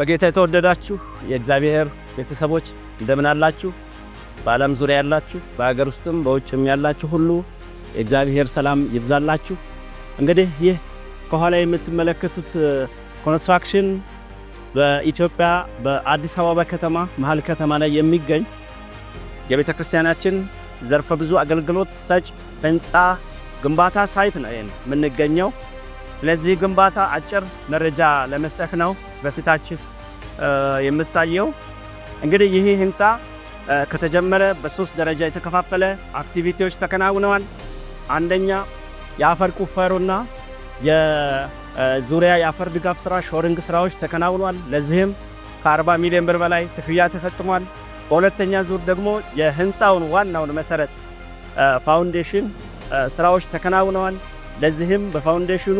በጌታ የተወደዳችሁ የእግዚአብሔር ቤተሰቦች እንደምን አላችሁ? በዓለም ዙሪያ ያላችሁ፣ በሀገር ውስጥም በውጭም ያላችሁ ሁሉ የእግዚአብሔር ሰላም ይብዛላችሁ። እንግዲህ ይህ ከኋላ የምትመለከቱት ኮንስትራክሽን በኢትዮጵያ በአዲስ አበባ ከተማ መሀል ከተማ ላይ የሚገኝ የቤተ ክርስቲያናችን ዘርፈ ብዙ አገልግሎት ሰጭ ህንፃ ግንባታ ሳይት ነው የምንገኘው። ስለዚህ ግንባታ አጭር መረጃ ለመስጠት ነው። በፊታችን የምታየው እንግዲህ ይህ ህንፃ ከተጀመረ በሶስት ደረጃ የተከፋፈለ አክቲቪቲዎች ተከናውነዋል። አንደኛ የአፈር ቁፋሮና የዙሪያ የአፈር ድጋፍ ስራ ሾሪንግ ስራዎች ተከናውኗል። ለዚህም ከ40 ሚሊዮን ብር በላይ ክፍያ ተፈጥሟል። በሁለተኛ ዙር ደግሞ የህንፃውን ዋናውን መሰረት ፋውንዴሽን ስራዎች ተከናውነዋል። ለዚህም በፋውንዴሽኑ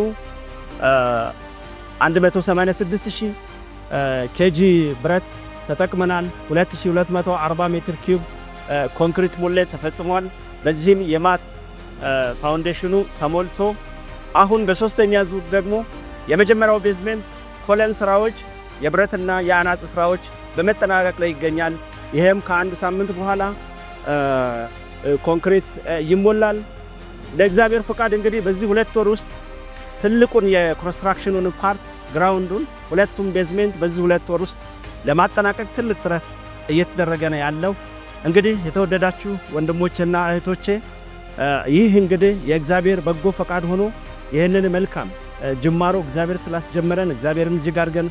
186 ኬጂ ብረት ተጠቅመናል። 2240 ሜትር ኪዩብ ኮንክሪት ሙሌት ተፈጽሟል። በዚህም የማት ፋውንዴሽኑ ተሞልቶ አሁን በሶስተኛ ዙር ደግሞ የመጀመሪያው ቤዝሜንት ኮለን ስራዎች የብረትና የአናጽ ስራዎች በመጠናቀቅ ላይ ይገኛል። ይህም ከአንድ ሳምንት በኋላ ኮንክሪት ይሞላል። ለእግዚአብሔር ፈቃድ እንግዲህ በዚህ ሁለት ወር ውስጥ ትልቁን የኮንስትራክሽኑን ፓርት ግራውንዱን፣ ሁለቱም ቤዝሜንት በዚህ ሁለት ወር ውስጥ ለማጠናቀቅ ትልቅ ጥረት እየተደረገ ነው ያለው። እንግዲህ የተወደዳችሁ ወንድሞቼና እህቶቼ ይህ እንግዲህ የእግዚአብሔር በጎ ፈቃድ ሆኖ ይህንን መልካም ጅማሮ እግዚአብሔር ስላስጀመረን እግዚአብሔርን እጅግ አድርገን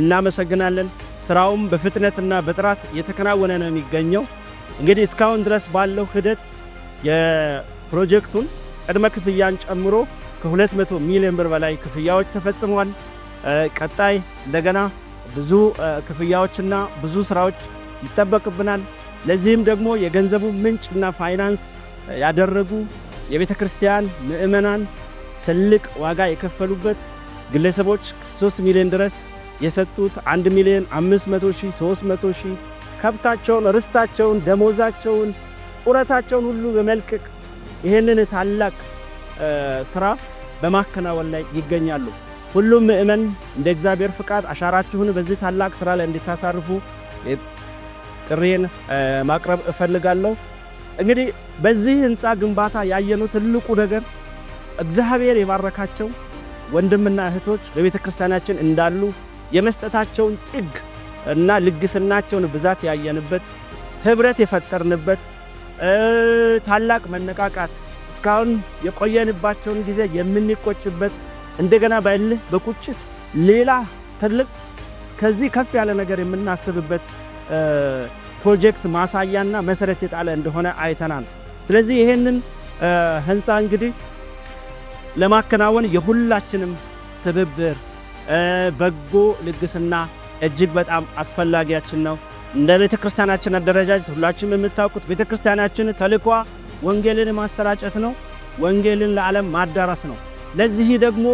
እናመሰግናለን። ስራውም በፍጥነትና በጥራት እየተከናወነ ነው የሚገኘው። እንግዲህ እስካሁን ድረስ ባለው ሂደት የፕሮጀክቱን ቅድመ ክፍያን ጨምሮ ከ200 ሚሊዮን ብር በላይ ክፍያዎች ተፈጽመዋል። ቀጣይ እንደገና ብዙ ክፍያዎችና ብዙ ስራዎች ይጠበቅብናል። ለዚህም ደግሞ የገንዘቡ ምንጭና ፋይናንስ ያደረጉ የቤተ ክርስቲያን ምዕመናን ትልቅ ዋጋ የከፈሉበት ግለሰቦች 3 ሚሊዮን ድረስ የሰጡት 1 ሚሊዮን 500 ሺህ 300 ሺህ ከብታቸውን፣ ርስታቸውን፣ ደሞዛቸውን፣ ጡረታቸውን ሁሉ በመልቀቅ ይህንን ታላቅ ስራ በማከናወን ላይ ይገኛሉ። ሁሉም ምእመን እንደ እግዚአብሔር ፍቃድ አሻራችሁን በዚህ ታላቅ ስራ ላይ እንድታሳርፉ ጥሪን ማቅረብ እፈልጋለሁ። እንግዲህ በዚህ ህንፃ ግንባታ ያየነው ትልቁ ነገር እግዚአብሔር የባረካቸው ወንድምና እህቶች በቤተ ክርስቲያናችን እንዳሉ የመስጠታቸውን ጥግ እና ልግስናቸውን ብዛት ያየንበት፣ ህብረት የፈጠርንበት ታላቅ መነቃቃት እስካሁን የቆየንባቸውን ጊዜ የምንቆጭበት እንደገና በእልህ በቁጭት ሌላ ትልቅ ከዚህ ከፍ ያለ ነገር የምናስብበት ፕሮጀክት ማሳያና መሰረት የጣለ እንደሆነ አይተናል። ስለዚህ ይሄንን ህንፃ እንግዲህ ለማከናወን የሁላችንም ትብብር፣ በጎ ልግስና እጅግ በጣም አስፈላጊያችን ነው። እንደ ቤተ ክርስቲያናችን አደረጃጀት ሁላችንም የምታውቁት ቤተ ክርስቲያናችን ተልኳ ወንጌልን ማሰራጨት ነው። ወንጌልን ለዓለም ማዳረስ ነው። ለዚህ ደግሞ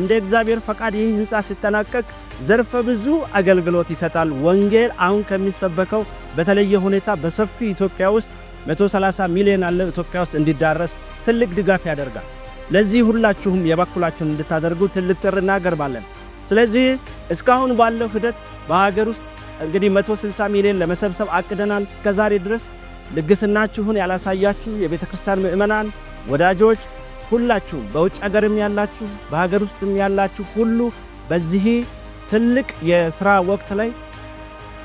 እንደ እግዚአብሔር ፈቃድ ይህ ሕንፃ ሲጠናቀቅ ዘርፈ ብዙ አገልግሎት ይሰጣል። ወንጌል አሁን ከሚሰበከው በተለየ ሁኔታ በሰፊ ኢትዮጵያ ውስጥ 130 ሚሊዮን አለ ኢትዮጵያ ውስጥ እንዲዳረስ ትልቅ ድጋፍ ያደርጋል። ለዚህ ሁላችሁም የበኩላችሁን እንድታደርጉ ትልቅ ጥር እናገርባለን። ስለዚህ እስካሁን ባለው ሂደት በሀገር ውስጥ እንግዲህ 160 ሚሊዮን ለመሰብሰብ አቅደናል። ከዛሬ ድረስ ልግስናችሁን ያላሳያችሁ የቤተ ክርስቲያን ምእመናን ወዳጆች ሁላችሁም በውጭ ሀገርም ያላችሁ በሀገር ውስጥም ያላችሁ ሁሉ በዚህ ትልቅ የሥራ ወቅት ላይ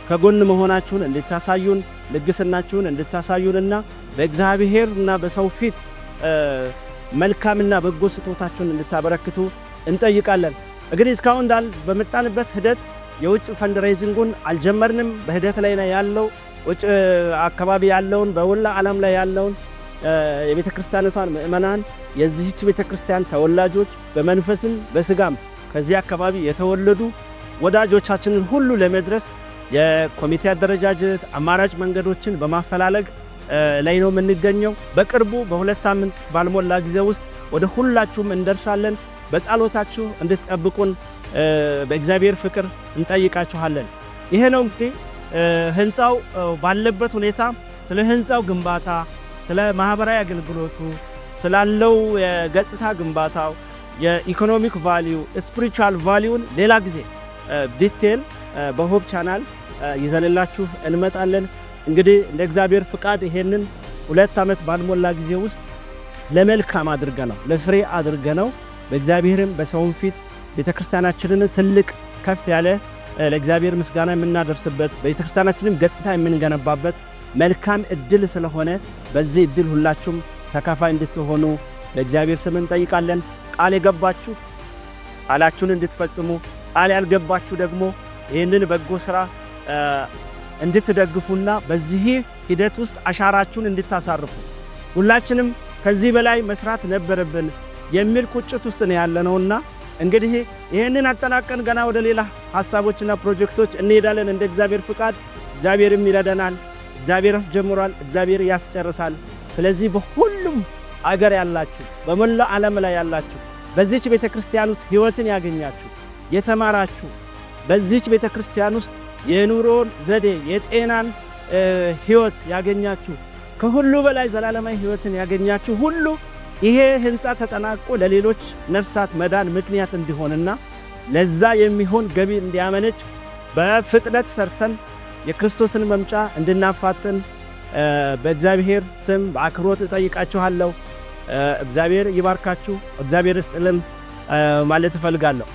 ከጎን መሆናችሁን እንድታሳዩን ልግስናችሁን እንድታሳዩንና በእግዚአብሔርና በሰው ፊት መልካምና በጎ ስጦታችሁን እንድታበረክቱ እንጠይቃለን። እንግዲህ እስካሁን እንዳል በመጣንበት ሂደት የውጭ ፈንድሬይዚንጉን አልጀመርንም። በሂደት ላይ ያለው። ውጭ አካባቢ ያለውን በውላ ዓለም ላይ ያለውን የቤተ ክርስቲያኒቷን ምእመናን የዚህች ቤተ ክርስቲያን ተወላጆች በመንፈስም በስጋም ከዚህ አካባቢ የተወለዱ ወዳጆቻችንን ሁሉ ለመድረስ የኮሚቴ አደረጃጀት አማራጭ መንገዶችን በማፈላለግ ላይ ነው የምንገኘው። በቅርቡ በሁለት ሳምንት ባልሞላ ጊዜ ውስጥ ወደ ሁላችሁም እንደርሳለን። በጸሎታችሁ እንድትጠብቁን በእግዚአብሔር ፍቅር እንጠይቃችኋለን። ይሄ ነው እንግዲህ ህንፃው ባለበት ሁኔታ ስለ ህንፃው ግንባታ፣ ስለ ማህበራዊ አገልግሎቱ፣ ስላለው የገጽታ ግንባታው፣ የኢኮኖሚክ ቫሊዩ፣ ስፒሪቹዋል ቫሊዩን ሌላ ጊዜ ዲቴል በሆብ ቻናል ይዘንላችሁ እንመጣለን። እንግዲህ እንደ እግዚአብሔር ፍቃድ ይሄንን ሁለት ዓመት ባልሞላ ጊዜ ውስጥ ለመልካም አድርገ ነው ለፍሬ አድርገ ነው በእግዚአብሔርም በሰውም ፊት ቤተ ክርስቲያናችንን ትልቅ ከፍ ያለ ለእግዚአብሔር ምስጋና የምናደርስበት በቤተክርስቲያናችንም ገጽታ የምንገነባበት መልካም እድል ስለሆነ በዚህ እድል ሁላችሁም ተካፋይ እንድትሆኑ በእግዚአብሔር ስም እንጠይቃለን። ቃል የገባችሁ ቃላችሁን እንድትፈጽሙ፣ ቃል ያልገባችሁ ደግሞ ይህንን በጎ ስራ እንድትደግፉና በዚህ ሂደት ውስጥ አሻራችሁን እንድታሳርፉ ሁላችንም ከዚህ በላይ መስራት ነበረብን የሚል ቁጭት ውስጥ ነው ያለነውና እንግዲህ ይህንን አጠናቀን ገና ወደ ሌላ ሀሳቦችና ፕሮጀክቶች እንሄዳለን። እንደ እግዚአብሔር ፍቃድ እግዚአብሔርም ይረዳናል። እግዚአብሔር ያስጀምሯል፣ እግዚአብሔር ያስጨርሳል። ስለዚህ በሁሉም አገር ያላችሁ፣ በመላው ዓለም ላይ ያላችሁ በዚች ቤተ ክርስቲያን ውስጥ ሕይወትን ያገኛችሁ የተማራችሁ በዚች ቤተ ክርስቲያን ውስጥ የኑሮን ዘዴ የጤናን ሕይወት ያገኛችሁ ከሁሉ በላይ ዘላለማዊ ሕይወትን ያገኛችሁ ሁሉ ይሄ ህንፃ ተጠናቆ ለሌሎች ነፍሳት መዳን ምክንያት እንዲሆንና ለዛ የሚሆን ገቢ እንዲያመነጭ በፍጥነት ሰርተን የክርስቶስን መምጫ እንድናፋጥን በእግዚአብሔር ስም በአክብሮት እጠይቃችኋለሁ። እግዚአብሔር ይባርካችሁ፣ እግዚአብሔር ይስጥልን ማለት እፈልጋለሁ።